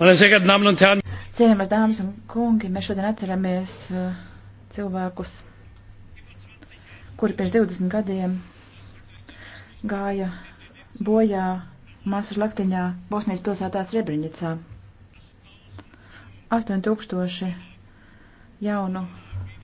Cienījamās dāmas un kungi, mēs šodien atceramies uh, cilvēkus, kuri pirms 20 gadiem gāja bojā masu slaktiņā Bosnijas pilsētā Srebrenicā. 8000 jaunu